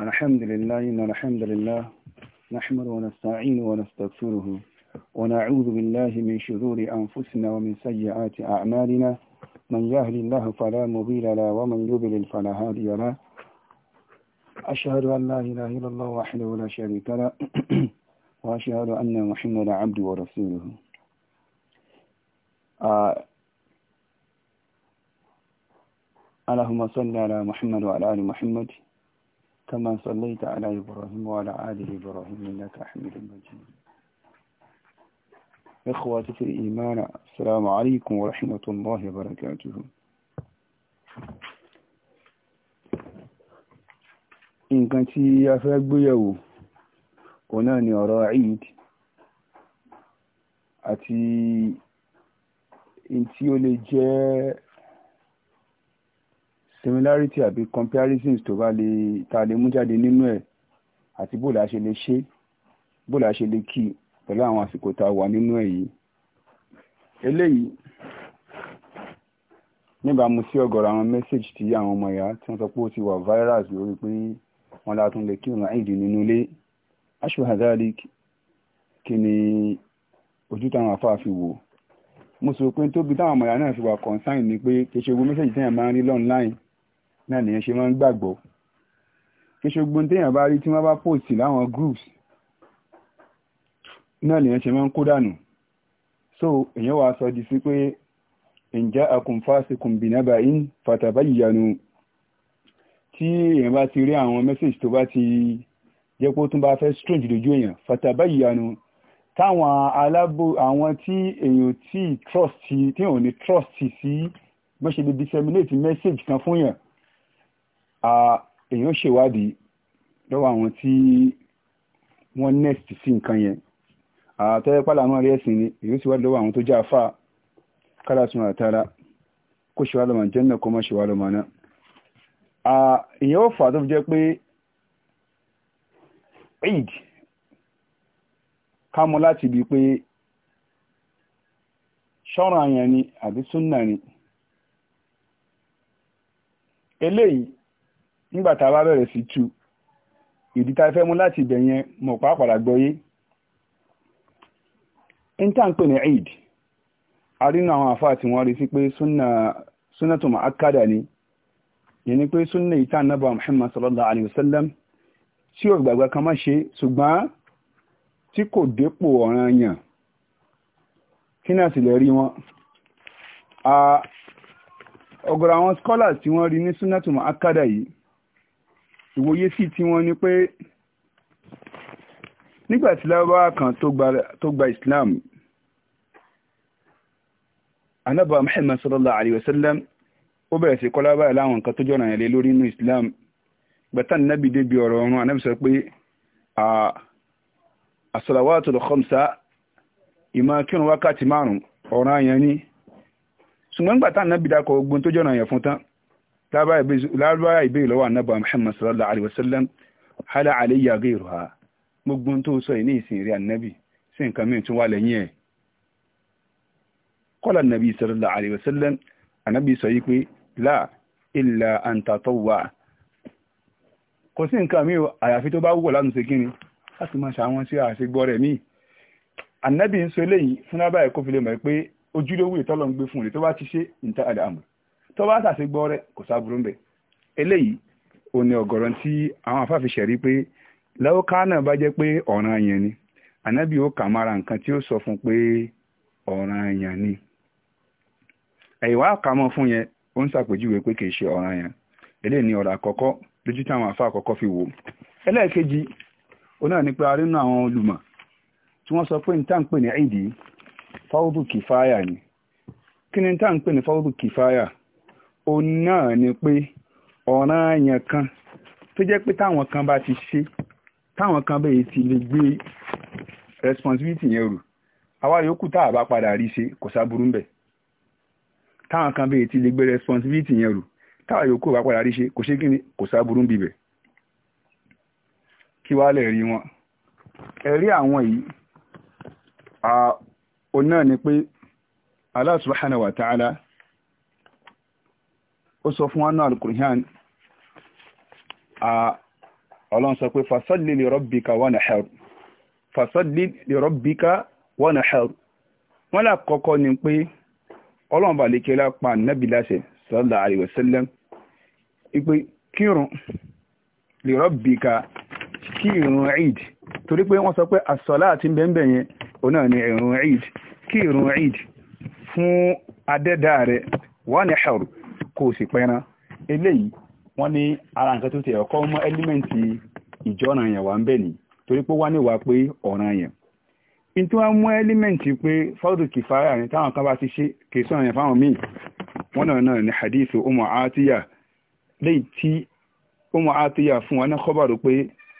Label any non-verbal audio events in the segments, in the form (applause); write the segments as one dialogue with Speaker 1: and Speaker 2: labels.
Speaker 1: الحمد لله إن الحمد لله نحمد ونستعين ونستغفره ونعوذ بالله من شرور أنفسنا ومن سيئات أعمالنا من يهل الله فلا مضل له ومن يضلل فلا هادي له أشهد أن لا إله إلا الله وحده لا شريك له (clears throat) وأشهد أن محمدا عبده ورسوله آه. اللهم صل على محمد وعلى آل محمد كما صليت على إبراهيم وعلى آل إبراهيم إنك حميد مجيد إخواتي في الإيمان السلام عليكم ورحمة الله وبركاته إن tí a بيو gbéyẹ̀wò òun náà ni ọ̀rọ̀ Eid àti similarity àbí comparisons tó bá lè ta lè mú jáde nínú ẹ̀ àti bó la ṣe lè ṣe bó la ṣe lè kí pẹ̀lú àwọn àsìkò tá a wà nínú ẹ̀ yìí eléyìí níbàámu sí ọ̀gọ̀rọ̀ àwọn message tí àwọn ọmọ ìyá tí wọ́n sọ pé ó ti wà virus lórí pé wọ́n látún lè kírun àìdí nínú ilé ashwahadali kí ni ojú táwọn afáà fi wò mo sọ pé tóbi táwọn ọmọ ìyá náà fi wà concern ni pé kì í ṣe gbogbo message tí èèyàn máa ń rí online náà lèyàn ṣe máa ń gbàgbọ́ kí ṣogbon téèyàn bá rí tí wọ́n bá post láwọn groups náà lèyàn ṣe máa ń kó dànù so èyàn wàá sọ di sí pé ǹjẹ́ akùnfàṣekùn bìnàbà in fàtàbá ìyanu tí èyàn bá ti rí àwọn message tó bá ti jẹ́ pé ó tún bá fẹ́ strange lójú èyàn fàtàbá ìyanu táwọn alábò àwọn tí èyàn tí trust tí èyàn ò ní trust sí bó ṣe lè disseminate message kan fún yàn èèyàn ṣèwádìí lọ́wọ́ àwọn tí wọ́n next sí nǹkan yẹn àtọ́jọ́ pàlà àwọn arẹ́ ẹ̀sìn ni èèyàn ṣèwádìí lọ́wọ́ àwọn tó jẹ́ àfà kára sun àtàrà kó ṣe wá lọ́mọ jẹ́nà kó má ṣe wá lọ́mọ náà èèyàn ó fà tó fi jẹ́ pé eid ká mọ̀ láti ibi pé ṣọ́ràn àyàn ni àbí súnnà ni eléyìí nígbà tá a bá bẹ̀rẹ̀ sí tú ìdí tá a fẹ́ mú láti ibẹ̀ yẹn mọ̀ pàápàá gbọ́yé intanpe ní eid arínú àwọn àfáà tí wọ́n rí sí pé súnà tó ni yẹn ni pé súnà ìtàn náà bá Muhammad sallallahu alayhi wa sallam tí ò gbàgbà kan má ṣe ṣùgbọ́n tí kò dépò ọ̀ràn yàn kí náà sì lè rí wọn ọ̀gọ̀rọ̀ àwọn scholars tí wọ́n rí ní súnà tó yìí ìwòye sí tiwọn ni pé nígbà tí lárúbáwá kan tó gba islam anábà muhammad sallallahu alayhi wa sallam ó bẹ̀rẹ̀ sí kọ́lá báyìí láwọn nǹkan tó jọ̀ràn ilé lórí inú islam gbẹ̀tàn nábì débi ọ̀rọ̀ ọ̀run anábì sọ pé as-salawatul khamsa ìmọ̀ kírun wákàtí márùn-ún ọ̀ranyàn ni ṣùgbọ́n gbàtàn nábì dákọ̀ ogun tó jọ̀ràn yẹn fún tán lábára ìbéèrè lọ́wọ́ anábà muhammad sallallahu alaihi wasallam hala alayya ghayruha gbogbo tó sọ ní ìsìn rí annabi sí nǹkan mìíràn tún wà lẹ́yìn ẹ̀ kọ́lá nàbí sallallahu alaihi wasallam anábì sọ yí pé la illa an tatawwa kò sí nǹkan mìíràn àyàfi tó bá wúwọ̀ láti ṣe kíni láti máa ṣàwọn sí àṣegbọ́ tó bá sàṣe gbọ́ rẹ̀ kò sáburú ń bẹ̀ eléyìí ò ní ọ̀gọ̀rọ̀ tí àwọn afáfi ṣẹ̀rí pé ka náà bá jẹ́ pé ọ̀ràn yẹn ni ànábì ó kà mára nǹkan tí ó sọ fún pé ọ̀ràn yẹn ni ẹ̀yìnwá àkàmọ́ fún yẹn ó ń ṣàpèjúwe pé kì í ṣe ọ̀ràn ni ọ̀rọ̀ àkọ́kọ́ lójú afá fi wò ẹlẹ́ẹ̀kejì ní pé a rí òun náà ni pé ọ̀ràn yẹn kan tó jẹ́ pé táwọn kan bá ti ṣe táwọn kan bẹ́ẹ̀ ti lè gbé responsibility yẹn rù àwa yòókù tá a bá padà rí ṣe kan bẹ́ẹ̀ ti lè gbé responsibility yẹn rù táwa yòókù bá padà rí ṣe kò ṣe kíni kò ń bibẹ̀ kí wàá lè rí wọn ẹ̀rí àwọn yìí òun náà ni pé ó sọ fún al ọlọ́run sọ pé fasalli li rabbika wanhar fasalli li rabbika wanhar wọ́n là kọ́kọ́ ni pé ọlọ́run bá lè kẹ́lá pa nábì láṣẹ sallallahu alaihi wasallam ìpè kírun li rabbika eid torí pé wọ́n sọ pé àsọ̀lá àti bẹ́ẹ̀bẹ̀ yẹn ni eid kó o sì pẹran eléyìí wọ́n ní ara nǹkan tó ti ẹ̀kọ́ mọ́ ẹ́límẹ́ǹtì ìjọ́ràn yẹn wà ń bẹ̀ ní torí pé wá níwà pé ọ̀ràn yẹn in tí wọ́n mú ẹ́límẹ́ǹtì pé fọ́dù kìfàyà ní táwọn kan bá ti ṣe kèsàn yẹn fáwọn míì wọ́n náà náà ní hadith umu atiya léyìí tí umu atiya fún wọn ní kọ́bàrò pé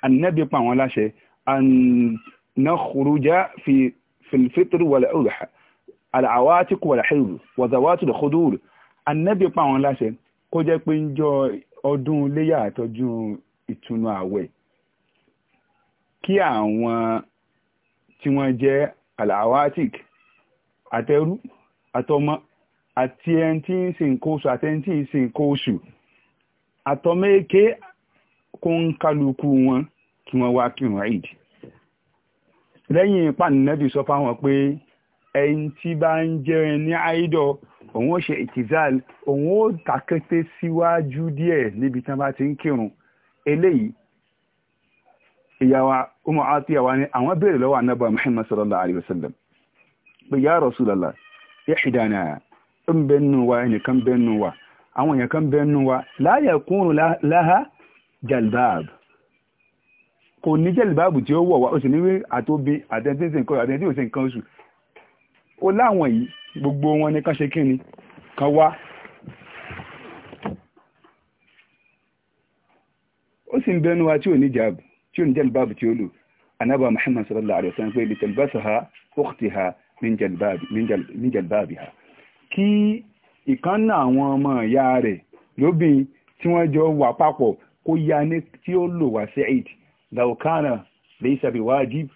Speaker 1: anabi pa àwọn láṣẹ anakuruja fi filfitri wàlẹ̀ àwátìkù wàlẹ̀ xeyru wàzàwátìkù ànábì pa àwọn láṣẹ kó jẹ́ pé ń jọ ọdún léyà àtọ́jú ìtúnu àwẹ̀ kí àwọn tí wọ́n jẹ́ alawatik àtẹrú àtọmọ àti ẹni tí ń ṣe nǹkan oṣù àti ẹni tí ń ṣe nǹkan oṣù àtọmọ èké kó ń kálukú wọn kí wọ́n wá kírun Eid lẹ́yìn ìpànìyàn bí sọ fáwọn pé ẹni tí bá ń jẹ́ ní àìdọ̀ òun ó ṣe ìtìzal òun ó takété síwájú díẹ̀ níbi tí wọ́n bá ti ń kírun eléyìí ìyàwó ọmọ àtìyàwó ni àwọn béèrè lọ́wọ́ anábà Muhammad sallallahu alayhi wa sallam pé ya Rasulallah ihdana ń bẹ́nu wa ẹnìkan bẹ́nu wa àwọn wa la yakunu laha jalbab kò ní jẹ́lìbáàbù tí ó wọ̀ wá ó sì ní wí àtóbi àtẹ́ntẹ́sẹ̀ nǹkan àtẹ́ntẹ́ òsè nǹkan oṣù ó láwọn yìí gbogbo wọn ni kán ṣe kí ni kan wá ó sì ń bẹnu wa tí ò ní jàbù tí ò ní jẹ́lbáàbù tí ó lò anábà Muhammad sallallahu alaihi wasallam pé litalbasaha ukhtaha min jalbabiha kí ìkánná àwọn ọmọ ìyá rẹ̀ lóbìn tí wọ́n jọ wà papọ̀ kó ya ní tí ó lò wá sí eid law kana laysa biwajib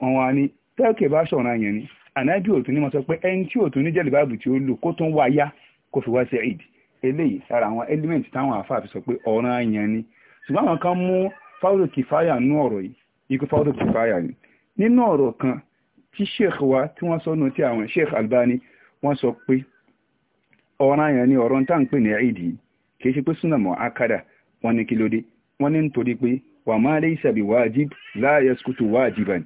Speaker 1: wọn wá ní tẹ́ẹ̀kì bá ṣọ̀ràn yẹn ni ànábì ò tún ní mo sọ pé ẹni tí ò tún ní jẹ̀lìbáàbù tí ó lò kó tún wá yá kó fi wá sí eid eléyìí sára àwọn element táwọn àáfàá fi sọ pé ọ̀ràn àyàn ni ṣùgbọ́n àwọn kan mú fáwọ́dọ̀ kìfáyà nú ọ̀rọ̀ yìí ikú fáwọ́dọ̀ kìfáyà ni nínú ọ̀rọ̀ kan tí sheikh wa tí wọ́n sọ nù tí àwọn sheikh albani wọ́n sọ pé ọ̀ràn àyàn ni ọ̀rọ̀ tá à ń pè ní eid yìí kì í ṣe pé súnà mọ́ akada wọn ní kí ló dé wọn ní nítorí pé wà má lè ṣàbí láàyè skutu wájiban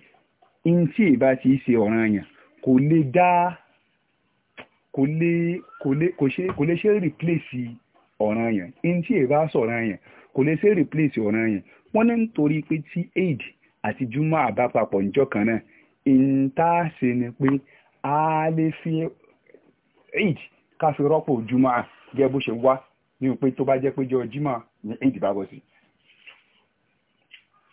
Speaker 1: ní tí ti ṣe ọ̀ràn àyàn kò lè dá kò lè kò lè kò lè ṣe replace ọ̀ràn yẹn in tí èèbá sọ̀ràn yẹn kò lè ṣe replace ọ̀ràn yẹn wọ́n ní nítorí pé tí aid àti juma àbápapọ̀ níjọ́ kan náà in ṣe ni pé a lè fi aid ká fi rọ́pò juma gẹ́gẹ́ bó ṣe wá ní pé tó bá jẹ́ pé jọ jima ni aid bá bọ̀ sí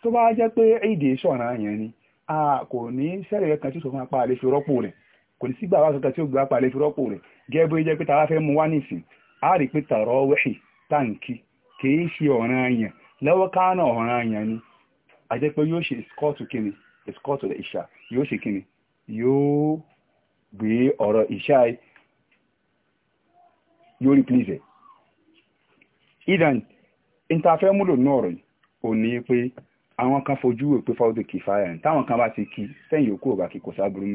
Speaker 1: tó bá jẹ́ pé aid sọ̀ràn yẹn ni a kò ní sẹ́rẹ̀ kan tí ó sọ fún apá rọ́pò kò ní sígbà tí ó gba apá àlè rọ́pò rẹ̀ gẹ́gẹ́ bó jẹ́ pé tàwa fẹ́ mú wá nìsín a rí pé tàrọ wẹ̀hì táǹkì kìí ṣe ọ̀ràn àyàn lọ́wọ́ káánà ọ̀ràn a jẹ́ pé yóò ṣe ìṣà yóò ṣe yóò gbé ọ̀rọ̀ ìṣà yóò rí pílíṣẹ̀ ìdàn múlò náà rẹ̀ àwọn kan fojú wò pé fáwọ́dù kì fáyà ní táwọn kan bá ti kí sẹ́yìn yòókù ọ̀bà kì kò sáburú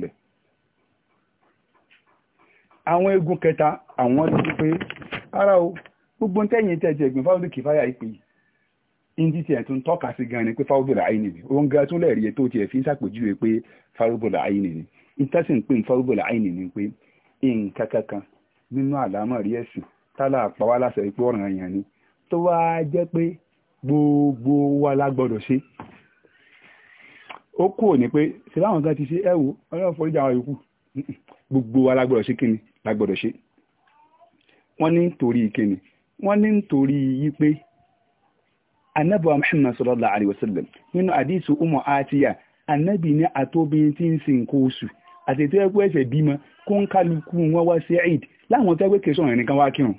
Speaker 1: àwọn egun kẹta àwọn rí pé ara o gbogbo tẹ́yìn tẹ́jẹ̀ ẹ̀gbìn fáwọ́dù kì fáyà ìpè yìí ní tiẹ̀ tó ń tọ́ka sí gan ni pé fáwọ́dù là áyìn nìyí òun gan tún lẹ́ẹ̀rí tó tiẹ̀ fi ń ṣàpèjúwe pé fáwọ́dù là áyìn nìyí ìtẹ́sìn pé fáwọ́dù là áyìn nìyí pé ni tó wáá gbogbo wa la gbọ́dọ̀ ṣe ó kú òní pé ṣe láwọn kan ti ṣe ẹ̀wò ọlọ́run forí jà àwọn yòókù gbogbo wa la gbọ́dọ̀ ṣe kíni la gbọ́dọ̀ ṣe wọ́n ní nítorí kíni wọ́n ní nítorí yípe anabi muhammad sallallahu alayhi wa sallam nínú àdísù umu atiya anabi ní atóbin tí ń sin nǹkan oṣù àti ètò ẹgbẹ́ ẹ̀ṣẹ̀ bímọ kó ń kálukú wọn wá sí eid láwọn tó kẹsàn-án nìkan wá kírun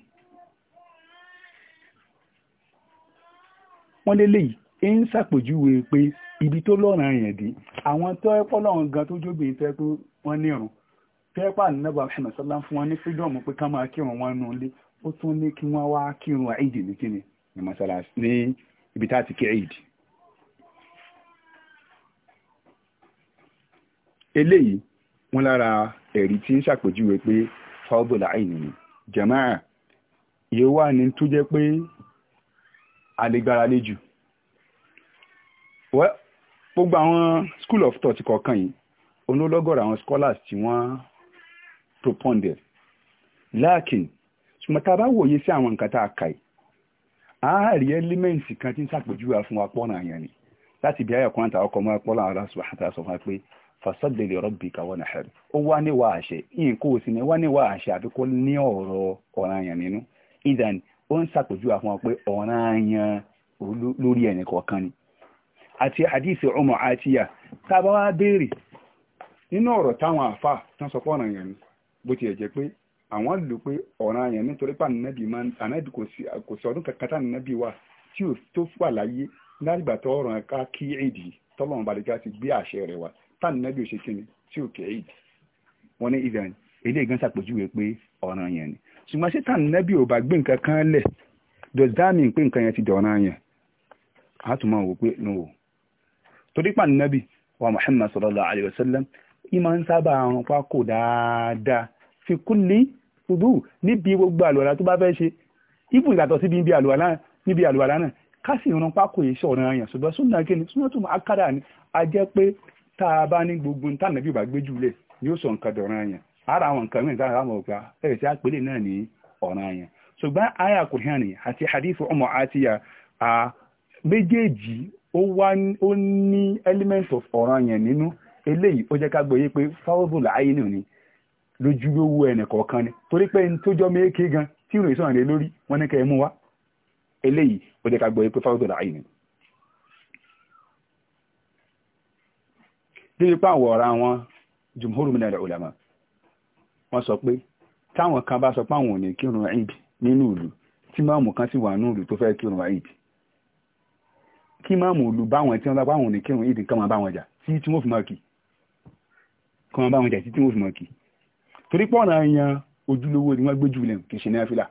Speaker 1: wọ́n lé léyìí ẹ ń ṣàpèjúwe pé ibi tó lọ́ràn yẹn dé àwọn tó ẹ pọ́ lọ́rùn gan tó jóbìnrin tó ẹ pé wọ́n ní ìrùn tó ẹ pà nínú bàbá ṣẹlẹ̀ sọ́lá fún wọn ní freedom pé ká máa kírun wọn nù lé ó tún ní kí wọ́n wá kírun àìdì ní kíni ní mọ́ṣáláṣí ní ibi tá a ti kí àìdì. eléyìí wọn lára ẹ̀rí tí ń ṣàpèjúwe pé fáwọ́bọ̀lá àìní jẹ̀máà yóò wà ní tó jẹ́ pé àlegbára lé jù gbogbo àwọn school of thought kọ̀ọ̀kan yìí onólọ́gọ̀rọ̀ àwọn scholars tí wọ́n propounded láàkìn ṣùgbọ́n tá a bá wòye sí àwọn nǹkan tá a kà yìí a rí ẹ́límẹ́ǹtì kan tí ń ṣàpèjúwe fún wa pọ́nà àyàn ni láti ibi ayọ̀ kan àtàwọn ọkọ̀ mọ́ pọ́nà àwọn aláṣọ àtàwọn sọ fún wa pé fasọ́dẹ̀ lè rọ́bì káwọn náà ṣẹlẹ̀ ó wá níwá àṣẹ nǹkan òsì ni wá níwá àṣẹ àbíkó ní ọ̀rọ̀ ọ̀ràn àyàn nínú ìdánì ó ń ṣàpèjúwe fún wa pé anya lórí kọ̀ọ̀kan ni àti hadith ọmọ àti tá a bá wá bèèrè nínú ọ̀rọ̀ táwọn àfà tán sọ fọ́ọ̀nà yẹn ni bó ti jẹ́ pé àwọn lò pé ọ̀ràn yẹn nítorí máa kò sí ọdún kankan tí tó wà láyé nígbà tó ọ̀ràn ká kí èdè tọ́lọ́run ti gbé àṣẹ rẹ̀ wá tá ò ṣe kí ni tí ṣùgbọ́n ṣé tàn nẹ́bí ò bá gbé nǹkan kan lẹ̀ does pé nǹkan yẹn ti dọ̀ràn yẹn a tún máa wò pé no o torí pà nẹ́bí wa Muhammad sallallahu alayhi wa sallam ìmọ̀ ń sábà àrùn pa kò dáadáa fi kulli ṣubú níbi gbogbo àlùwàlá tó bá fẹ́ ṣe ibùn ìgbàtọ̀ síbi níbi àlùwàlá náà kásì ìran pákó iṣẹ́ ọ̀nà àyàn ṣùgbọ́n súnà kíni súnà tó máa kára ni a jẹ́ pé tá a bá ní gbogbo tánàbí ò bá gbé jùlẹ̀ yóò sọ nǹkan dọ̀ràn àyàn ara àwọn nǹkan mìíràn àwọn ẹ̀rẹ̀ tí a pèlè náà ní ọ̀ràn yẹn ṣùgbọ́n aya kùrìhánì àti hadith ọmọ àtìyà a méjèèjì ó ní element of ọ̀ràn yẹn nínú eléyìí ó jẹ́ ká gbọ́ pé fáwọ́bùlà ayé nù ni lójúlówó ẹnì kọ̀ọ̀kan ni torí pé n tó jọ méèké gan tí ìròyìn sọ̀rọ̀ lé lórí wọn ní kẹ́ mú wọ́n sọ pé táwọn kan bá sọ pé àwọn ò ní kírun eid nínú ìlú tí máàmù kan sì wà nínú ìlú tó fẹ́ kírun eid kí máàmù ìlú báwọn tí wọ́n bá pàwọn ò ní kírun eid kan máa bá wọn jà sí tí wọ́n fi máa kì kan máa bá wọn jà sí tí wọ́n fi máa kì torí pọ̀ náà yan ojúlówó ni wọ́n gbé jùlẹ̀ kì í ṣe náà fìlà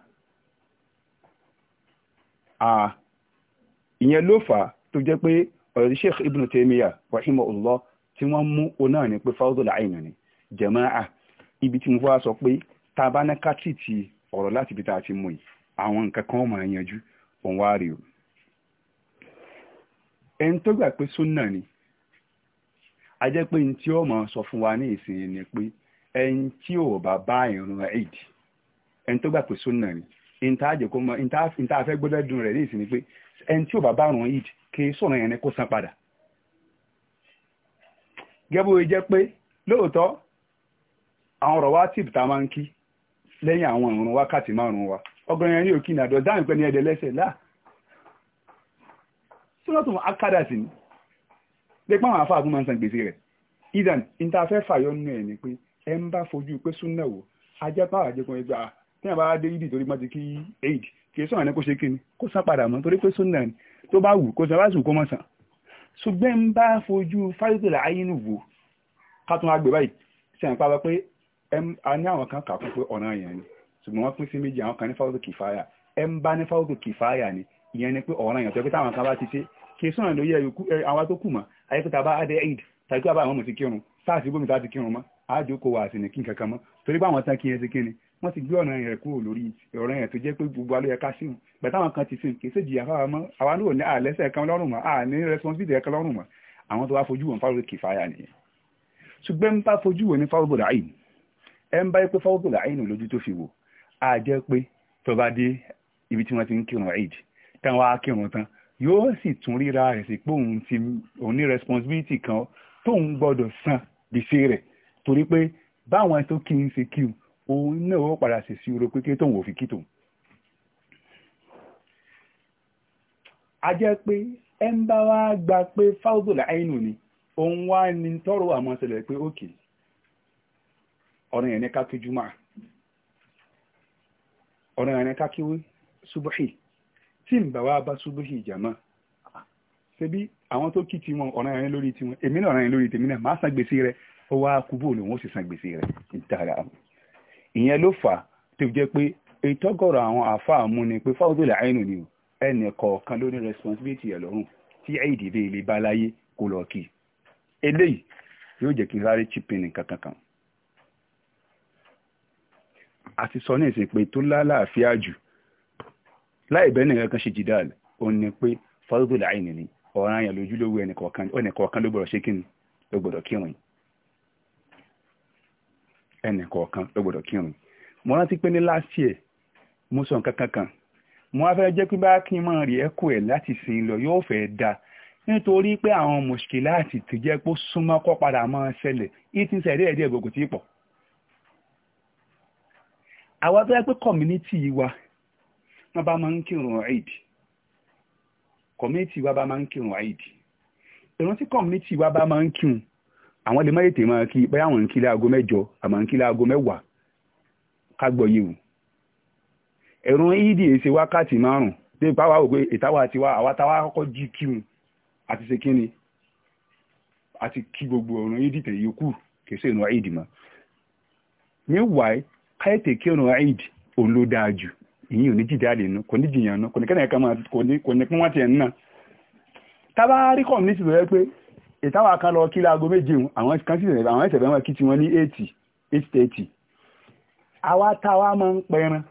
Speaker 1: ìyẹn ló fà á tó jẹ́ pé ọ̀rọ̀ Sheikh Ibn Taymiyyah rahimahullah tí wọ́n mú ọ náà ní pé fáwọ́dọ̀lá àìyàn ni jẹ̀máà ibi tí mo sọ pé tá a ọ̀rọ̀ láti ibi a ti mú yìí àwọn nǹkan kan máa yanjú òun wá rí o ẹni tó gbà pé súnà ni a jẹ́ pé ní tí ó máa sọ fún wa ní ìsinyìí ni pé ẹni tí ò bá bá ìrun Eid ẹni tó gbà pé súnà ni ìntàjẹ́ kó gbọ́dọ̀ dùn rẹ̀ ní ìsinyìí pé ẹni tí ò bá bá kì í sọ̀rọ̀ yẹn ni san padà jẹ́ pé lóòótọ́ àwọn ọ̀rọ̀ wa tìbù tá a máa ń kí lẹ́yìn àwọn ìrun wákàtí márùn-ún wa ọgbọ̀n yẹn ní òkì ní àdọ̀ dáhùn pẹ́ ní ẹ̀dẹ̀ lẹ́sẹ̀ láà sọ́nàtùn akádàsì ni pé pàwọn afá àgúnmọ̀ san gbèsè rẹ̀ idan intafẹ́ fàyọ nínú ẹ̀ ni pé ẹ ń bá fojú pé súnà wò ajẹ́ pàwọn àjẹkùn ẹgbẹ́ tí wọ́n bá dé yídì torí mọ́tì kí aid ni kó san padà mọ́ torí ni tó bá wù kó san bá sùn kó mọ̀ san ṣùgbọ́n ń bá fojú a ní àwọn kan kà fún pé ọ̀nà yẹn ni ṣùgbọ́n wọ́n pín sí méjì àwọn kan ní fáwọ́dù kìfáyà ẹ ń bá ní fáwọ́dù kìfáyà ni ìyẹn ni pé ọ̀nà yẹn tó pé táwọn kan bá ti ṣe kì í sọ̀rọ̀ lóye àwọn tó kù mọ́ ayékúta bá adé eid tàbí àbá àwọn ọmọ ti kírun sáàsì bómi tá ti kírun mọ́ àádó kò wà sínú kín kankan mọ́ torí pé àwọn tán kí yẹn ti kíni wọ́n ti gbé ọ̀nà yẹn kúrò lórí ọ̀rọ̀ yẹn tó jẹ́ pé gbogbo alóyè ká síhùn bẹ̀tà àwọn kan ti sìn kì í ṣèjì àfáwà mọ́ àwa náà ní àlẹ́sẹ̀ kan lọ́rùn mọ́ à ní responsibility kan lọ́rùn mọ́ àwọn tó wá fojú wọn fáwọn kìfáyà nìyẹn ṣùgbọ́n bá fojú wọn ní fáwọn bọ̀dà yìí ẹ ń bá yẹ pé fáwọ́bùlà àyìnú lójú tó fi wò á jẹ́ pé tó bá dé ibi tí wọ́n ti ń kírun eid táwọn á kírun tán yóò sì tún ríra rẹ̀ sí pé òun ti òun ní responsibility kan tóun gbọ́dọ̀ san gbèsè rẹ̀ torí pé báwọn tó kí n ṣe kí òun náà ó padà sì sí oró pé kí tóun ò fi kí tóun. a jẹ́ pé ẹ ń bá wa gba pé fáwọ́bùlà àyìnú ni òun wá ní tọ́rọ àmọ́ ṣẹlẹ̀ pé ókè. Okay ọ̀rọ̀ yẹn ní ká kí jùmọ̀ ọ̀rọ̀ yẹn ká kí subuhi tí ń bá bá subuhi jama ṣebí àwọn tó kí tiwọn ọ̀rọ̀ yẹn lórí tiwọn èmi náà ọ̀rọ̀ yẹn lórí tèmi náà máa san gbèsè rẹ ó wá kú bó lòun ó sì san gbèsè rẹ ìtara ìyẹn ló fà tó jẹ́ pé ìtọ́gọ̀rọ̀ àwọn àfáà mú ni pé fáwọn àìnù ni ẹnì kọ̀ọ̀kan ló ní responsibility ẹ̀ lọ́rùn tí ìdìbò ilé bá láyé kó lọ kí eléyìí yóò jẹ́ kí sáré chipin nìkan kankan àti sọ ní ìsìn pé tó lálàáfíà jù láì bẹ́ẹ̀ nìkan kan ṣe jìdáàl òun ni pé fọ́dọ̀dọ̀ láì nìní ọ̀ràn àyàn lójú lówó ẹnìkọ̀ọ̀kan ló gbọ́dọ̀ ṣe kí ni ló gbọ́dọ̀ kírun ẹnìkọ̀ọ̀kan ló gbọ́dọ̀ kírun mo rántí pé ní last year mo sọ nǹkan kankan mo wá fẹ́ jẹ́ pé bá kí n máa rí ẹ̀kọ́ ẹ̀ láti sìn lọ yóò fẹ́ da nítorí pé àwọn mùṣkíláàtì tó jẹ́ pé súnmọ́ kọ́ padà máa ṣẹlẹ̀ ìtìsẹ̀rí ẹ̀dí ẹ̀gbọ̀gùn tí pọ̀ àwa tó yẹ pé community wa wọ́n bá máa ń kírun Eid community wa bá máa ń kírun Eid ìran tí community wa bá máa ń kírun àwọn lè má tètè máa kí báyà àwọn ń kí láago mẹ́jọ àmọ́ ń kí láago mẹ́wàá ká gbọ́ yìí o ẹ̀rùn Eid èsè wákàtí márùn-ún dé ìpáwá òwe ìtawà tiwa àwa táwa kọ́kọ́ jí kírun àti ṣe kíni àti kí gbogbo ọ̀run Eid tẹ̀yẹ kù kì meanwhile káyọ̀tẹ̀ kírun eid òun ló dáa jù ìyìn ò ní jìdáàlì nu kò ní jìyàn nu kò ní kẹ́nìyàn kan máa kò ní kò ní pín wọ́n ti ẹ̀ ń nà. tábà rí kọ́ọ̀mù ní ìsìnkú pé ìtawà kan lọ kí láago méje òun àwọn kan sì rẹ̀ àwọn ẹ̀sẹ̀ bẹ́ẹ̀ wọn kí tiwọn ní eighty eight thirty. àwa táwa máa ń pẹran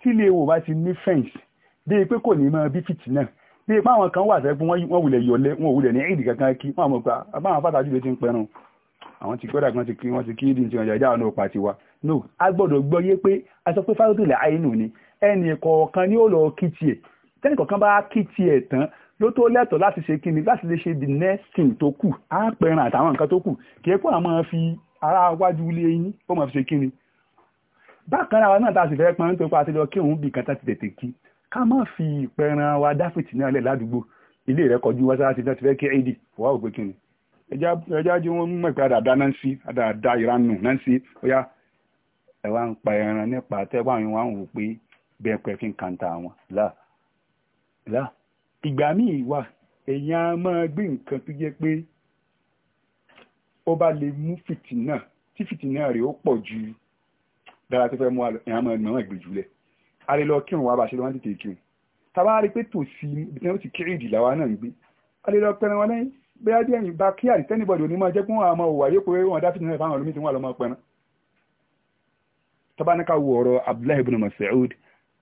Speaker 1: tí ilé wò bá ti ní fẹ́ǹsì dé pé kò ní máa bí fìtì náà dé pé àwọn kan wà sẹ́kún wọ́n wulẹ̀ yọlẹ̀ wọ́n wulẹ̀ ní éèdì kankan kí wọ́n mọ̀ pé àbáwọn fàtàjù ló ti ń pẹran àwọn ti gbọ́dọ̀ kan ti kí wọ́n ti kí ìdí ti wọn jẹ́ ìjà àwọn ọ̀pá ti wa no a gbọ́dọ̀ gbọ́ yé pé a sọ pé fáwọ́dù lẹ̀ àyínú ni ẹnì kọ̀ọ̀kan ni ó lọ kí tiẹ̀ tẹ́nì kọ̀ọ̀kan bá kí tiẹ̀ tán ló tó lẹ́tọ̀ọ́ láti ṣe kíni láti lè ṣe the next thing tó kù á pẹran àtàwọn nǹkan tó kù kì í kó àwọn máa fi ara wájú ilé yín ó máa fi ṣe kíni bákan náà náà tá a sì fẹ́ pọn nítorí pé a ti lọ kí òun bì kan ti tètè kí ká má fi ìpẹran wa dáfìtì náà lẹ̀ ládùúgbò ilé rẹ̀ kọjú wá sára ti náà ti fẹ́ kí éèdì wà ó gbé kíni ẹjá ẹjá jí wọn mọ̀ pé àdàdá náà ń sí àdàdá ìranù náà ń sí ó yá ẹ wá ń pa ẹran nípa tẹ́wọ́n àwọn àwọn òpé bẹ́ẹ̀ pẹ́ fi ń kàńtà wọn là là ìgbà míì wà èèyàn á máa gbé nǹkan tó jẹ́ pé ó bá lè mú fìtínà tí fìtínà rẹ̀ ó pọ̀ ju dára tó fẹ́ mú èèyàn máa nà án jùlẹ̀ a lè lọ kírun wa bá a ṣe lọ́wọ́ tètè kírun tàbá rí pé tòsí ibi tí wọ́n ti kéré ìdìlà wa náà ń gbé a lè lọ pẹran wọn lẹ́yìn bóyá díẹ̀ yìí bá kí àdìsẹ́nìbọ̀dì onímọ̀ jẹ́ pé wọ́n á máa wà yóò pé wọ́n dá fìtínà rẹ̀ fáwọn olómi tí wọ́n á lọ máa tabaníkà wo ọ̀rọ̀ abdullahi ibn mas'ud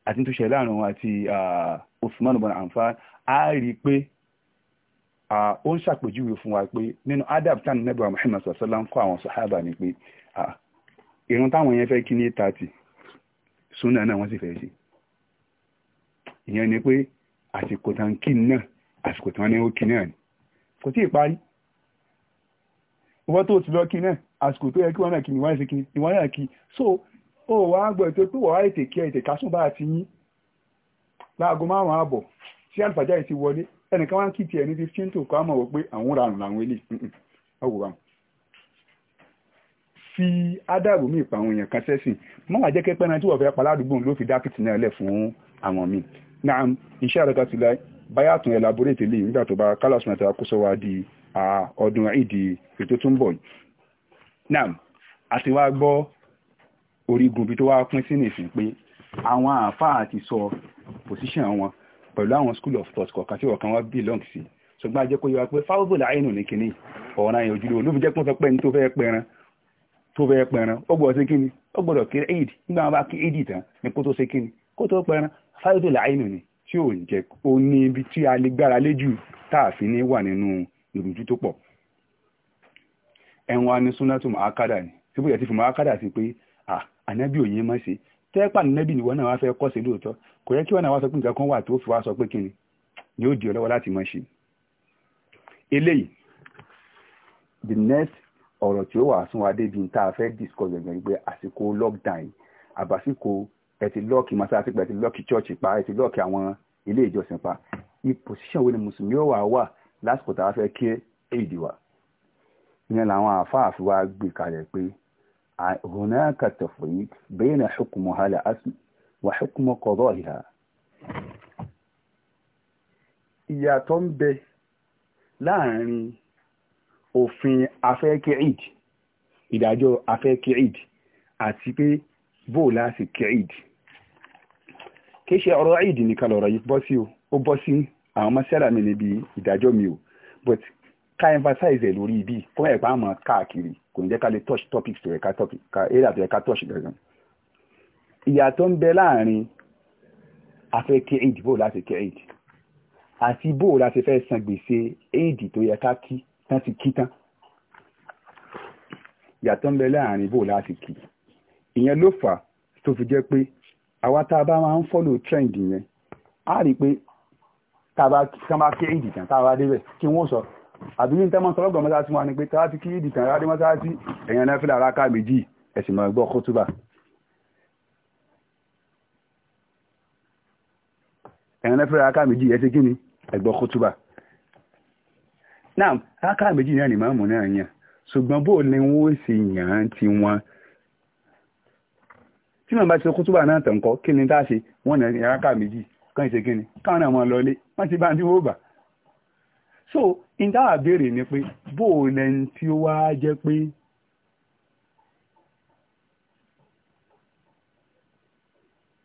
Speaker 1: àti tó ṣe láàrin wọn àti usman ibn anfan a rí i pé ó ń ṣàpèjúwe fún wa pé nínú adab tán nẹ́bàá muhammad sallallahu ń kọ́ àwọn sahaba ni pé irun táwọn yẹn fẹ́ kí ní tààtì súnà náà wọ́n sì fẹ́ ṣe ìyẹn ni pé àsìkò tán kí náà àsìkò tán ní ó kí náà ni kò tí ì parí wọ́n tó ti lọ kí náà àsìkò tó yẹ kí wọ́n náà kí ni wọ́n náà kí ni wọ́n náà kí so ó wá gbọ́ ètò pé wàá ètè kí ètè kásùn bá ti yín láago márùn-ún ààbọ̀ tí àlùfáàjà yìí ti wọlé ẹnìkan wá ń kí tiẹ̀ ní fifteen tó kọ́ àmọ̀ wò pé àwọn ranù làwọn ilé àwòrán fi ádàbò míì pa àwọn èèyàn kan sẹ́sìn má wàá jẹ́ kí pẹ́ran tí wọ́n fẹ́ pa ládùúgbò ló fi dá fìtìnà ẹlẹ̀ fún àwọn míì náà iṣẹ́ àrẹ́ta ti láì báyà tún elaborate lè nígbà tó bá kálàsùn àti àkóso wa di ọdún ìdí ètò tó ń bọ̀. Nam àti wá gbọ́ orígun bí tó wá pín sí nìsín pé àwọn àáfàá ti sọ position wọn pẹ̀lú àwọn school of thought kọ̀ọ̀kan tí ọ̀kan wọn belong sí ṣùgbọ́n ajẹ́ kó yẹ wá pé fáwọ́bù láàyènù ní kínní ọ̀ràn àyàn ojúlówó ló fi jẹ́ pé wọ́n fẹ́ pẹ́ni tó fẹ́ pẹran tó fẹ́ pẹran ó gbọ́dọ̀ sí kínní ó gbọ́dọ̀ kí aid nígbà wọn bá kí aid tán ni kó tó ṣe kínní kó tó pẹran fáwọ́bù láàyènù ni tí ò jẹ́ ó ní ibi tí a lè gbára lé jù táàfin ní wà nínú ìrújú tó pọ̀ ẹ̀wọ̀n anisúnátùmọ̀ akádà ni síbò ti fi mọ̀ akádà sí pé ànábì òye mọ̀ sí tẹ́pà ni ìwọ náà wá fẹ́ kọ́ sí lóòótọ́ kò yẹ kí wọn náà wá sọ pé nǹkan kan wà tó fi wá sọ pé kíni ni ó di ọlọ́wọ́ láti mọ̀ ṣe. eléyìí the next ọ̀rọ̀ tí ó wà fún wa débi tá a fẹ́ discuss gbẹ̀gbẹ̀ pé àsìkò lockdown àbásìkò ẹ ti lọ́ọ̀kì masáàsì pa ẹ ti lọ́ọ̀kì church pa ẹ ti lọ́ọ̀kì àwọn ilé ìjọsìn pa position wo ni mùsùlùmí ó wà wà lásìkò tá a fẹ́ kí èdè wa ìyẹn làwọn àáfàá fi wá gbé kalẹ̀ pé هناك تفريق بين حكمها لأسم وحكم قضائها ìyàtọ̀ ń bẹ láàrin òfin afẹ́kẹ́ìd ìdájọ́ afẹ́kẹ́ìd àti pé bóòlá sí kẹ́ìd kí ṣe ọ̀rọ̀ ìdì nìkan lọ̀rọ̀ yìí bọ́ sí o ó bọ́ sí àwọn mọ́sálà mi níbi ìdájọ́ mi o but ká emphasize ẹ̀ lórí ibi fún ẹ̀pá àmọ́ káàkiri kò ní jẹ́ ká lè touch topics tó ẹ̀ka topic ká area tó ẹ̀ka touch gangan. ìyàtọ̀ ń bẹ láàrin afẹ́ kí aid bó láti kí aid àti bó láti fẹ́ san gbèsè aid tó yẹ ká kí tán ti kí tán. ìyàtọ̀ ń bẹ láàrin bó láti kí ìyẹn ló fà tó fi jẹ́ pé àwa tá a bá máa ń follow trend yẹn á rí i pé tá a bá kí aid tán tá a bá débẹ̀ kí wọ́n sọ àbí ní tẹ́mọ́ sọ́lọ́gbọ̀n mọ́sáàtì wọn ni pé tẹ́wàá ti kí ìdì kan rádé mọ́sáàtì èèyàn náà fìlà ráká méjì ẹ̀sìn mọ́ ẹgbọ́ kótúbà èèyàn náà fìlà ráká méjì ẹ̀sìn kí ni ẹgbọ́ kótúbà náà ráká méjì náà ni máàmù náà yàn ṣùgbọ́n bó ni wọ́n ṣe yàn án ti wọn tí màá bá ṣe kótúbà náà wọ́n so ìdá àbèrè ni pé bó o lẹ́ni tí pe wá jẹ́ pé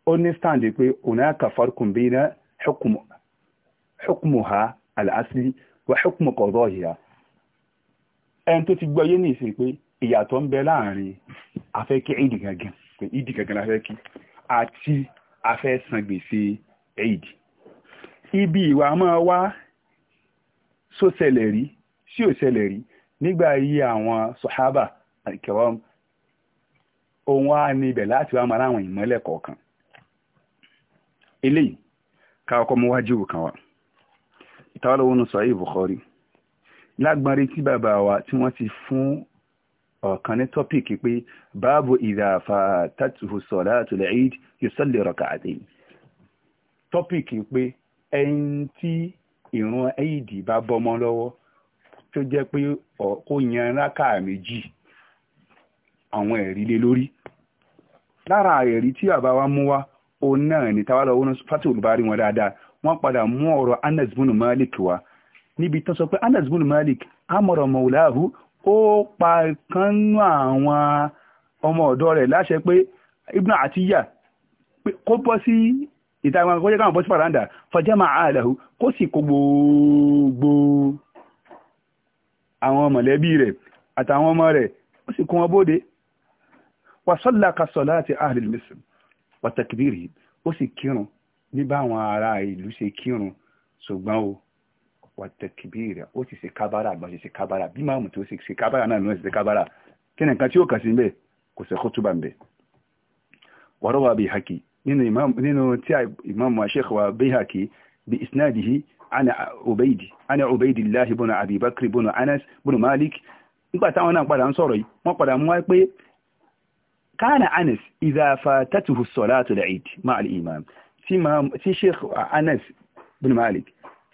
Speaker 1: ó ní stand pé ònà kàfàrkùn bí iná ṣùkùmù en to ti gbọ́yé ní ìsìn pé ìyàtọ̀ ń bẹ láàrin afẹ́kí gangan pé ibi iwa só ṣẹlẹ̀ rí sí ò ṣẹlẹ̀ rí nígbà yí àwọn sọ̀hábà àìkẹ́wọ́n ohun á ní ibẹ̀ láti wá mara àwọn ìmọ́lẹ̀ kọ̀ọ̀kan eléyìí ká ọkọ̀ mú wájú kan wa ìtawọ́lọ́wọ́nù sọ̀yí Bukhari lágbárí tí bàbá wa tí wọ́n ti fún ọ̀kan ní tọ́pìkì pé báàbù ìdàfà tàtùhù sọ̀lá àtùlẹ̀ eid yóò sọ́lẹ̀ rọ̀kà àdéyìn tọ́pìkì pé ẹni tí ìrun eid bá bọ́mọ lọ́wọ́ tó jẹ́ pé kó yan rákà méjì àwọn ẹ̀rí lé lórí lára ẹ̀rí tí bàbá wa mú wá òun náà ní táwa lọ́wọ́ fátì olùbárí wọn dáadáa wọ́n padà mú ọ̀rọ̀ Anas bin Malik wá níbi tó sọ pé Anas bin Malik amọ̀rọ̀ mọ̀láhù ó pa kánú àwọn ọmọ ọ̀dọ́ rẹ̀ láṣẹ pé Ibn Atiyya kó bọ́ sí ìta àwọn akọ́jẹ́ káwọn bọ́ sí faranda fàjẹ́mà àlàhù kó sì kó gbogbo àwọn mọ̀lẹ́bí rẹ̀ àtàwọn ọmọ rẹ̀ ó sì kó wọn bóde wà sọ́lá ka sọ́lá àti ahli misr wà takbiri ó sì kírun ní báwọn ará ìlú ṣe kírun ṣùgbọ́n o wà takbiri ó sì ṣe kábàrà àgbọn ṣe kábàrà bí máàmù tó ṣe kábàrà náà ló ṣe kábàrà kí nìkan tí ó kà sí ń kò sẹ́kọ́ tó bá ń bẹ wà rọ́wà bí haki nínú imam nínú tí imam sheikh wa bayhaqi bi isnadihi ana ubaidi ana ubaidillahi ibn abi bakr ibn anas ibn malik nígbà táwọn náà padà ń sọ̀rọ̀ yìí wọ́n padà mú wá pé kana anas idha fatatuhu salatu al-eid ma al-imam tí imam tí sheikh anas ibn malik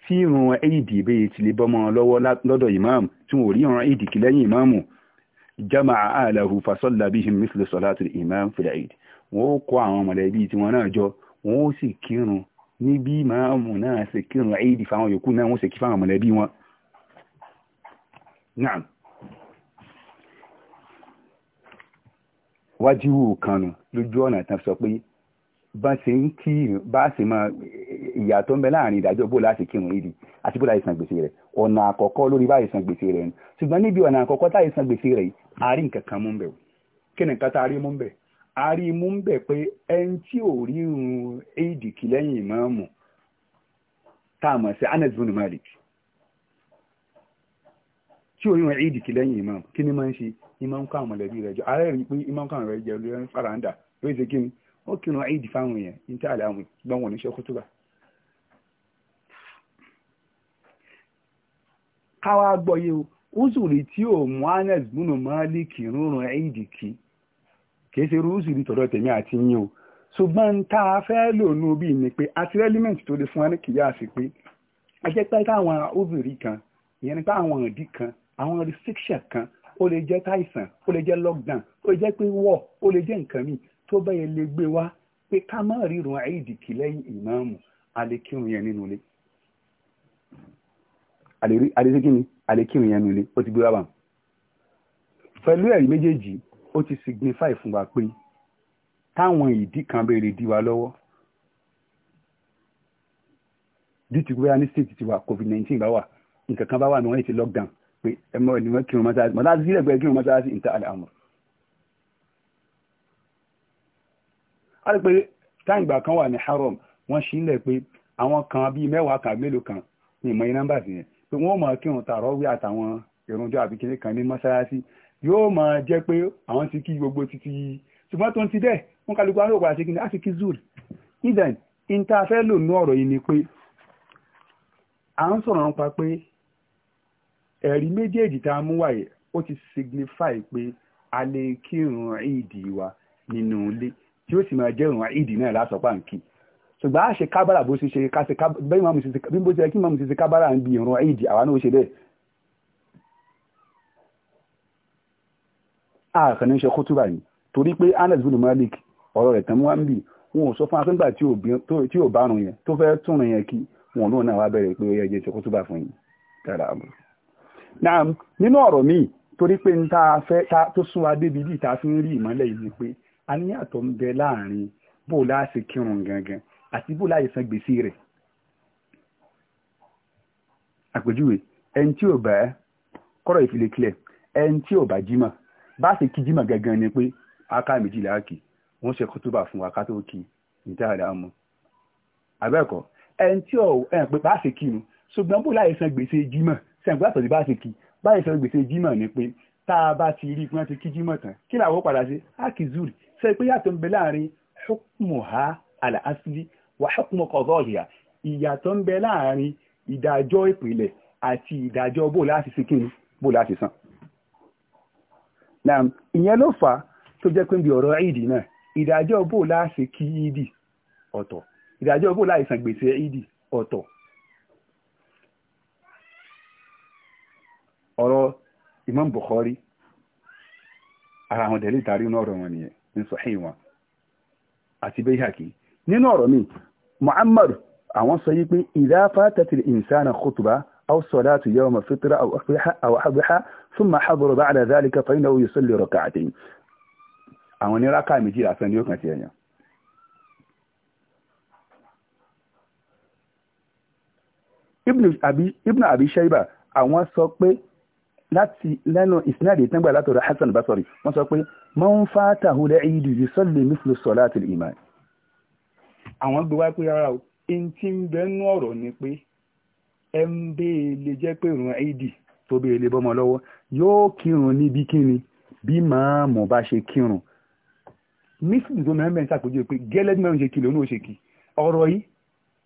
Speaker 1: tí ìrun eid be ti lè bomo lọ́wọ́ lọ́dọ̀ imam tí wọ́n rí ìrun eid kí lẹ́yìn imam jama'a alahu fa bihim mithlu salatu al-imam fi al wọn ó kó àwọn mọ̀lẹ́bí tiwọn náà jọ wọn ó sì kírun níbi ìmáàmù náà ṣe kírun àìdì fáwọn yòókù náà wọ́n ṣe kí fáwọn mọ̀lẹ́bí wọn. náà wájú kanu lójú ọ̀nà tán sọ pé bá ṣe ń kí bá ṣe máa ìyàtọ̀ ń bẹ láàrin ìdájọ́ bó láti kírun ìdì àti bó láti san gbèsè rẹ̀ ọ̀nà àkọ́kọ́ lórí bá ìsan gbèsè rẹ̀ ni ṣùgbọ́n níbi ọ̀nà àkọ́kọ́ táì san gbèsè rẹ̀ yìí a rí nǹkan kan mú ń bẹ̀ kí a rí mú ń bẹ̀ pé ẹni tí ò rí irun éèdì lẹ́yìn ìmáàmù tá a mọ̀ Malik tí ò rí irun éèdì lẹ́yìn ìmáàmù kí ni máa ń ṣe ń kọ́ àwọn rẹ̀ jọ ààrẹ rí pé ń kọ́ àwọn rẹ̀ lórí faranda lórí ṣe kí ni ó kírun éèdì fáwọn èèyàn ní tí àlẹ́ àwọn ìgbọ́n o ó tí ò mú kìí ṣe rúùsù ní tọ̀dọ̀ tèmi àti yín o ṣùgbọ́n tá a fẹ́ lò nù bí ni pé àti rẹ́límẹ̀ntì tó lè fún wa ní kìyà sí pé ajẹ́ pé táwọn ovary kan ìyẹn ni pé àwọn ìdí kan àwọn restriction kan ó lè jẹ́ táìsàn ó lè jẹ́ lockdown ó lè jẹ́ pé wọ̀ ó lè jẹ́ nǹkan míì tó bẹ́ẹ̀ lè gbé wá pé ká má ríran àìdì kì lẹ́yìn ìmáàmù alekirun yẹn nínú ilé alekirun yẹn nínú ilé ó ti gbé wá bàm pẹ̀lú ẹ̀rí méjèèjì ó ti signify fún wa pé táwọn ìdí kan béèrè dí wa lọ́wọ́ due to gbéra ní state tiwa covid nineteen bá wà nǹkan kan bá wà ní wọ́n ti lockdown pé ẹ mọ ẹni wọ́n kírun mọ́sáàsì mọ́sáàsì sílẹ̀ gbẹ́ kírun mọ́sáàsì níta àlẹ́ àmọ́. a lè pe táǹgbà kan wà ní haram wọ́n sílẹ̀ pé àwọn kan bíi mẹ́wàá kan mélòó kan ní ìmọ̀ iná bàtì yẹn pé wọ́n mọ̀ kírun tààrọ̀ wí àtàwọn èròjọ àbíkíní kan ní mọ́sáàsì yóò máa jẹ́ pé àwọn ti kí gbogbo títí ṣùgbọ́n tó ń ti bẹ́ẹ̀ wọ́n kálukú àwọn a ti kí zuri even interfere lò nú ọ̀rọ̀ yìí ni pé à ń sọ̀rọ̀ pe pé ẹ̀rí méjèèjì tá a mú ti signify pé a lè kírun ìdí wa nínú ilé tí ó sì máa jẹ́ ìrun ìdí náà lásọpá nki ṣùgbọ́n a ṣe kábàrà bó ṣe ṣe kábàrà bí ṣe kí ṣe kábàrà ń àkànní ah, ṣe kútúbà yìí torí pé Anas bin Malik ọ̀rọ̀ rẹ̀ tán wá ń bì wọn ò sọ fún akíngbà tí ò bárun yẹn tó fẹ́ tún yẹn kí wọn lóun náà wá bẹ̀rẹ̀ pé ó yẹ jẹ́ ṣe kútúbà fún yìí dára àbúrò. náà nínú ọ̀rọ̀ míì torí pé ta fẹ́ ta tó sún wa débi bí ta fi ń rí ìmọ́lẹ̀ yìí ni pé a ní àtọ̀ ń bẹ láàrin bó láàṣẹ kírun gangan àti bó láàyè san gbèsè rẹ̀. àpèjúwe ẹni tí ò bá kọ́rọ̀ ìfilè bá ṣe kí jimá gangan ni pé aká méjìlá kì wọ́n ṣe kọ́túbà fún wa ká tó kí níta àdá mọ́ àbẹ́ẹ̀kọ́ ẹni tí ọ̀ ẹ̀ pé bá ṣe kí nu ṣùgbọ́n bó láì san gbèsè jimá sẹ́yìn gbàtọ̀ sí bá ṣe kí bá ṣe san gbèsè jimá ni pé tá a bá ti rí i pé wọ́n ti kí jimá tán kí làwọn padà ṣe akizuri ṣe pé yàtọ̀ ń bẹ láàrin hukmuha al-asli wa hukmu qadaiha ìyàtọ̀ ń bẹ láàrin ìdájọ́ ìpìlẹ̀ àti ìdájọ́ bó láti ṣe kí ni bó láti san náà ìyẹn ló fà á tó jẹ́ pé ń bi ọ̀rọ̀ ìdì náà ìdájọ́ bò láṣẹ kí ìdì ọ̀tọ̀ ìdájọ́ bò láìsàn gbèsè ìdì ọ̀tọ̀ ọ̀rọ̀ Imam Bukhari ara àwọn tẹ̀lé ìtàrí inú ọ̀rọ̀ wọn nìyẹn ní sọ̀hìn wọn àti Bayhaqi nínú ọ̀rọ̀ mi Muhammad àwọn sọ yí pé ìdáfà tẹ̀tìlì insana khutba أو الصلاة يوم الفطر أو أضحى أو أضحى ثم حضر بعد ذلك فإنه يصلي ركعتين àwọn ní rákà méjì lásán ni ó kàn sí ẹ̀yàn ibn abi shaiba àwọn sọ pé láti lẹ́nu ìsinádì ìtẹ́gbà látọ̀rọ̀ hassan basori wọ́n sọ pé ma ń fa tàhúlẹ̀ ìdí yìí sọ́lẹ̀ mithlu sọ́lá àti ìmá àwọn gbogbo wá pé rárá o in ti ń bẹ́ẹ̀ ni pé ẹ ń bẹ́ẹ̀ lè jẹ́ pé ìrun Eid tó bẹ́ẹ̀ lè bọ́mọ lọ́wọ́ yóò kírun níbi kíni bí màámù bá ṣe kírun mísìlì tó mẹ́rin mẹ́rin sàpèjì pé gẹ́lẹ́ tí mẹ́rin ṣe kí lónà ó ṣe kí ọ̀rọ̀ yìí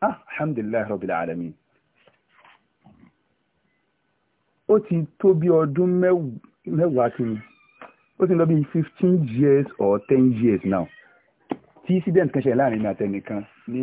Speaker 1: ah, alhamdulilayi rabbil alamin ó ti tó bí ọdún mẹ́wàá kiri ó ti lọ bí fifteen years or ten years now tí incident kan ṣẹlẹ̀ láàrin mi àtẹnìkan ní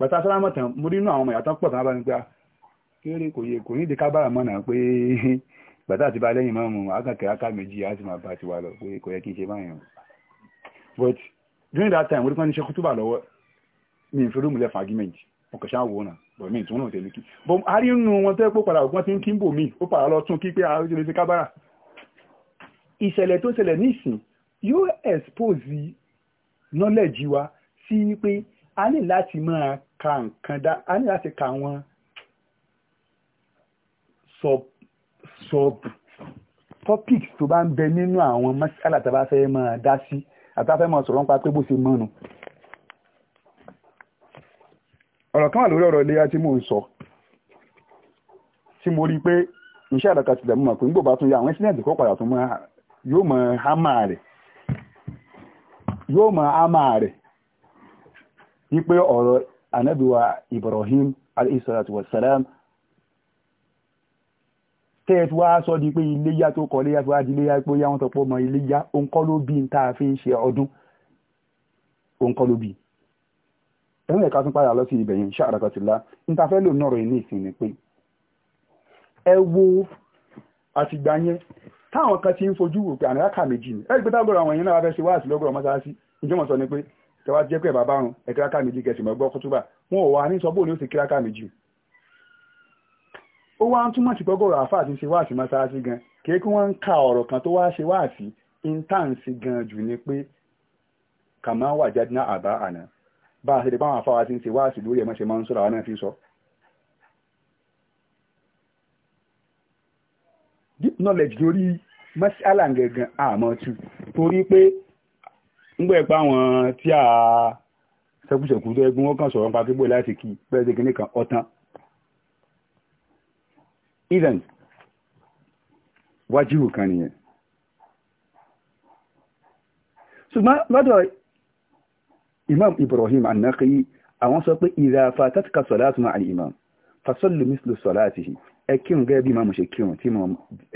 Speaker 1: bàtà sálámọ̀tàn mo rí inú àwọn ọmọ ìyàtọ̀ pọ̀ tán bá mi pé kéré kò yẹ kò ní ìdí kábàrà mọ́ náà pé (laughs) bàtà àti bá lẹ́yìn máa mú akàkẹ́ aká méjì á sì máa bá ti wà lọ pé kò yẹ kí n ṣe báyìí but during that time mo rí pé ní ṣe kútúbà lọ́wọ́ mi ń fi rúùmù lẹ́fọ̀ argument ọkọ̀ ṣáà wò náà bọ̀ mí ìtúnú tèmi kí bọ̀ a rí inú wọn tẹ́ pọ̀ padà ògbọ́n tí ń kí ń bò mí ó padà lọ tún kí pé àwọn ìṣẹ̀lẹ̀ ti kábàrà ìṣẹ̀lẹ̀ tó ṣẹlẹ̀ nísìn yóò expose knowledge wa sí pé a ní láti máa ka nǹkan dá a ní láti ka àwọn sub sub topics tó bá ń bẹ nínú àwọn mọ́sálà tá a bá fẹ́ máa dá sí àtàfẹ́ máa sọ̀rọ̀ nípa pé bó ṣe mọ́nu. ọ̀rọ̀ kan wà lórí ọ̀rọ̀ iléyà tí mò ń sọ tí mo rí i pé iṣẹ́ àdàkà ti dààmú àpò nígbò bá tún ya àwọn ẹ́sìnẹ́ẹ̀tì kọ́ padà tún yóò mọ hámà rẹ̀ yóò mọ hámà rẹ̀ wípé ọ̀rọ̀ anábìwa Ibrahim alayhisalatu wasalam tẹ́ẹ̀tù wá sọ di pé iléyá tó kọ léyá tó wá di léyá pé yáwọn tọpọ mọ iléyá òun kọ́ ló bí tá a fi ń ṣe ọdún òun kọ́ ló bí ẹ̀rùn ẹ̀ka tún padà lọ sí ibẹ̀ yẹn ṣàràkọsílá níta fẹ́ lò nọ̀rọ̀ ní ìsinmi pé ẹ wo àtìgbà yẹn táwọn kan ti ń fojú wò pé àná tẹwàá jẹ́ pé bàbá rùn ẹ̀ kíráká méjì kẹsì mọ́ gbọ́ kútúbà wọn ò wá ní sọ bóun ni ó ti kíráká méjì. ó wá ń túmọ̀ sí pọ́gọ́rọ̀ àfáà ti ń ṣe wáàsí mọ́sáàsì gan kí kí wọ́n ń ka ọ̀rọ̀ kan tó wá ṣe wáàsí intanṣi gan jù ni pé kàmá wà jádínà àbá àná bá a ṣe lè bá àwọn àfáà ti ń ṣe wáàsí lórí ẹ̀mọ́ṣe máa ń sọ̀rọ̀ àwọn náà fi sọ. deep knowledge lórí mọ́sálà gangan àmọ́ tù torí pé ńgbọ́ ẹ̀pá àwọn tí a ṣẹkúṣẹkù tó ẹgbẹ́ wọn kàn sọ̀rọ̀ nípa pípọ̀ láti kí pẹ́ẹ́sì kìíní kan ọ̀tán. even wájú kan nìyẹn ṣùgbọ́n lọ́dọ̀ imam ibrahim an-Naqi àwọn sọ pé idha fatatka salatuna al-imam fasallu mislu salatihi ẹ kírun gẹ́gẹ́ bí ìmáàmù ṣe kírun tí mo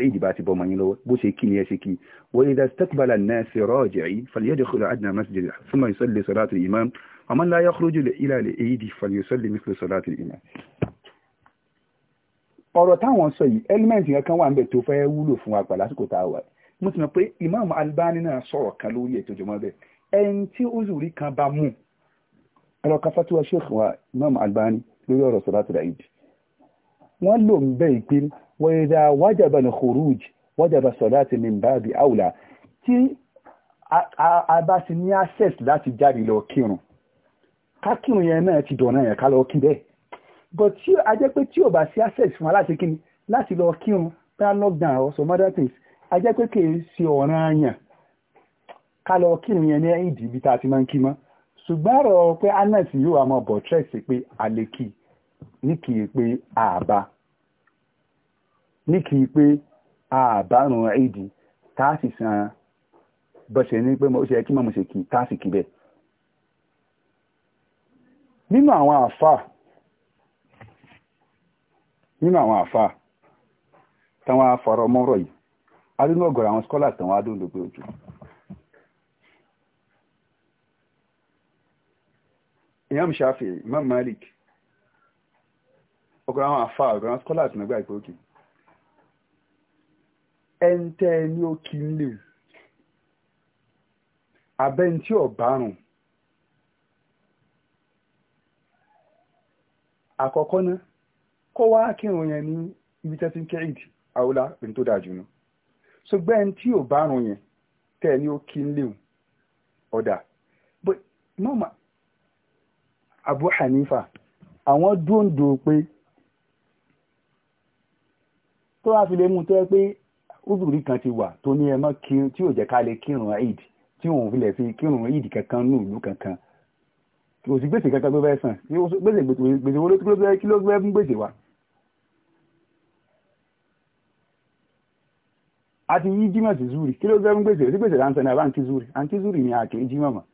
Speaker 1: ìdí bá ti bọ́ ọmọ yín lọ́wọ́ bó ṣe kí ni ẹ ṣe kí wọ́n yìí dá stakbala náà sí rọ́ọ̀jẹ̀ yìí fàlíyàjẹ́ kúrò àdínà masjid súnmọ́ ìsọ́lẹ̀ sọ́láàtì imam ọmọ ńlá yá kúrò jùlọ ìlàlẹ̀ èyí di fàlíyàsọ́lẹ̀ mìíràn sọ́láàtì imam. ọ̀rọ̀ táwọn sọ yìí ẹ́límẹ́ǹtì kankan wà ń bẹ̀ tó fẹ́ wúlò fún wọ́n lò ń bẹ́ ìpé wẹ́dà wájàbà ní khuruj wájàbà salati min babi aula tí a bá ti ní access láti jáde lọ kírun ká kírun yẹn náà ti dọ̀nà yẹn ká lọ kí bẹ́ẹ̀ but tí a jẹ́ pé tí ò bá sí access fún aláṣẹ kí ni láti lọ kírun bá lockdown or some other things a jẹ́ pé kìí ṣe ọ̀ràn àyàn ká lọ kírun yẹn ní ìdí ibi tá a ti máa ń kí mọ́ ṣùgbọ́n ọ̀rọ̀ pé anas yóò àmọ́ bọ̀ trẹ́sì pé àlekì ní kìí pé àbá ní pé àbárùn ìdí táàsì san bọ́sẹ̀ ní pé ó kí táàsì nínú àwọn àfà nínú àwọn àfà táwọn afọ̀rọ̀ mọ́rọ̀ yìí adúlú ọ̀gọ̀rọ̀ àwọn scholars pé ojú. Malik àwọn ẹntẹ́ ní òkì ńlẹ̀ o abẹ́ntí ọ̀bárùn àkọ́kọ́ náà kó wá kírun yẹn ní ibi tẹ́tí kẹ́rìndì àwòlá pẹ̀lú tó dájú nù so gbẹ́ntí ọ̀bárùn yẹn tẹ́ ní òkì ńlẹ̀ o ọ̀dà but mama Abu Hanifa àwọn dúndùn pé tó wá fi lè mú tó pé uzuri kan ti wà tó ní ẹ má kírun tí ò jẹ́ ká lè kírun eid tí òun fi lè fi kírun eid kankan ní ìlú kankan kò sí gbèsè kankan tó fẹ́ sàn gbèsè gbèsè wo ló kí ló fẹ́ mú gbèsè wá. a ti yí jímọ̀ sí zuri kí ló fẹ́ mú gbèsè sí gbèsè láǹtẹ̀ náà àǹkí zuri àǹkí zuri ni àkè jímọ̀ mọ̀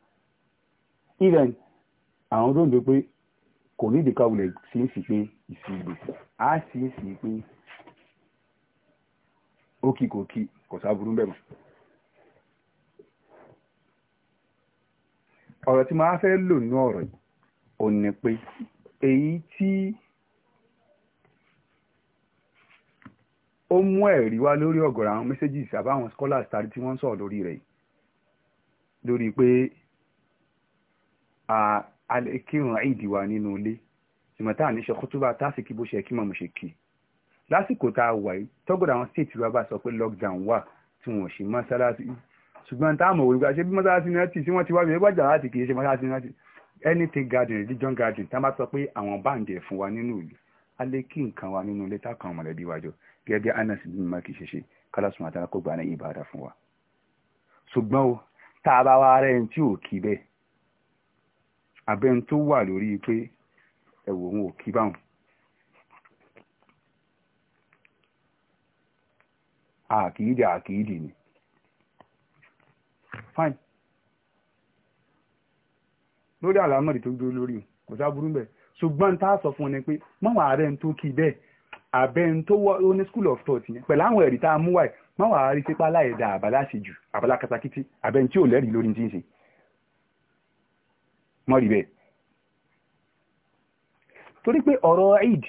Speaker 1: even àwọn tó ń do pé kò ní ìdíkà wulẹ̀ sí ń sì pé ìsìn gbèsè á sì ń sì pé ó kì kò kì kò sáburú bẹ́ẹ̀ mọ́. ọ̀rọ̀ tí máa fẹ́ lò nínú ọ̀rọ̀ yìí ò ní pé èyí tí ó mú ẹ̀rí wá lórí ọ̀gọ̀rọ̀ àwọn messages àbáwọn scholars tàbí tí wọ́n ń sọ̀rọ̀ lórí rẹ̀ lórí pé a lè kírun ìdìwà nínú ilé ìmọ̀ta àníṣe kútúbà tásìkí bó ṣe kí mọ̀ mo ṣe kí i lásìkò tá a wà yìí tọ́gbọ̀dọ̀ àwọn state wa bá sọ pé lockdown wà tí wọ́n ṣe mọ́ṣáláṣí ṣùgbọ́n tá a mọ̀ wípé ṣé bí mọ́ṣáláṣí náà tì sí wọ́n ti wá mi wájà láti kì í ṣe mọ́ṣáláṣí náà tì anything garden religion garden tá a bá sọ pé àwọn báǹdì ẹ̀ fún wa nínú ìlú a lè kí nǹkan wa nínú ilé tá kan mọ̀lẹ́bí wájọ gẹ́gẹ́ bí anas bin maki ṣe ṣe kálásùn àtàrà kó gbà ní ìbáradà fún wa ṣùgbọ́n o tá a bá wá ara ẹni tí ò kí bẹ́ẹ̀ abẹ́ni tó wà lórí pé ẹ̀wò ò kí báwọn àkìdì àkìdì ni fine lórí àlámọ̀rí tó dúró lórí kò sáburú bẹ́ẹ̀ ṣùgbọ́n tá a sọ fún ọ ni pé mọ́wàá ààrẹ ń tó kì bẹ́ẹ̀ àbẹ́ ń tó wọ́ ó ní school of thought yẹn pẹ̀lú àwọn ẹ̀rí tá a mú wáyé mọ́wàá rí sípá láìda àbálá àṣejù àbálá katakítí àbẹ́ ń tí ò lẹ́rìí lórí ti ń ṣe mọ́rí bẹ́ẹ̀ torí pé ọ̀rọ̀ Eid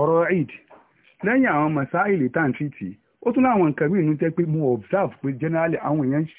Speaker 1: ọ̀rọ̀ Eid lẹ́yìn àwọn mọ̀sáìlì tá à ń tìtì ó tún láwọn nǹkan mìíràn jẹ́ pé mo observe pé generally àwọn èèyàn ṣe